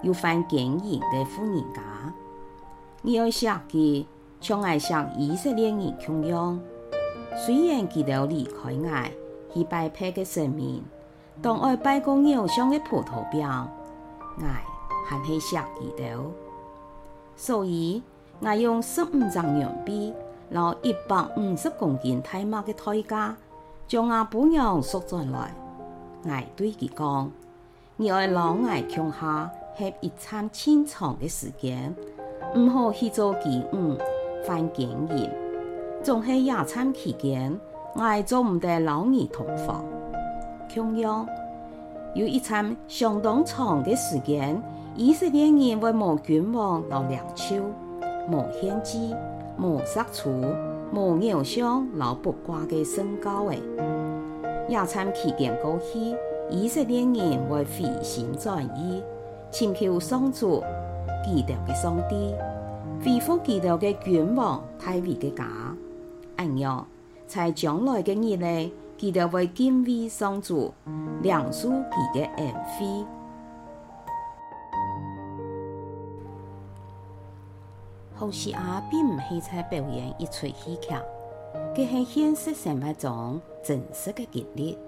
有番經營的婦人家，我設計像愛像以色列人一樣，雖然佮了離開愛，去拜別嘅神明，但愛拜過偶像嘅葡萄餅，愛還是設計到。所以我用十五張羊皮，攞一百五十公斤大麥嘅代價，將我本羊贖出來，愛對佢講，你要讓愛放下。係一餐清長嘅時間，唔好去做忌午犯忌言。仲係夜餐期間，我係做唔到老女同房。同樣，有一餐相當長嘅時間，以色列人會無君王、無兩手、無獻祭、無塞柱、無腰上老不掛嘅神像嘅。夜餐期間過去，以色列人會回心轉意。請求上主記得嘅上帝，恢復記得嘅君王大衛的家，因、哎、為在將來的日呢，記得為敬畏上主，亮出自己嘅恩惠。何西阿，並唔係在表演一出戲劇，佢係現實生活中真實嘅經歷。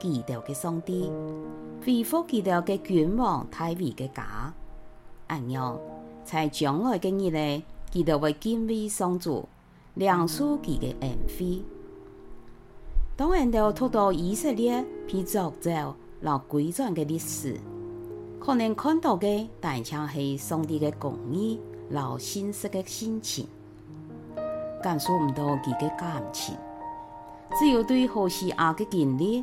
祈禱嘅上帝，祈福祈禱嘅君王，太尉嘅家，按、嗯、樣，在將來嘅日呢，祈禱為天威相助，量舒佢嘅恩惠。當然，要讀到以色列篇作就，留鬼轉嘅歷史，可能看到嘅，但係係上帝嘅公義，留現實嘅心情，感受唔到佢嘅感情，只有對何西阿嘅經歷。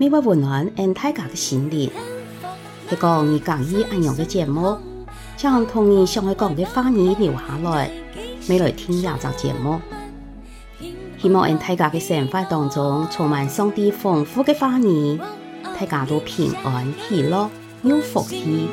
美化溫暖恩大家的心靈，一個二杠一安樣嘅節目，像童年上海講嘅話語留下來，每來聽一集節目，希望恩大家嘅生活當中充滿上帝豐富嘅話語，大家都平安喜樂有福氣。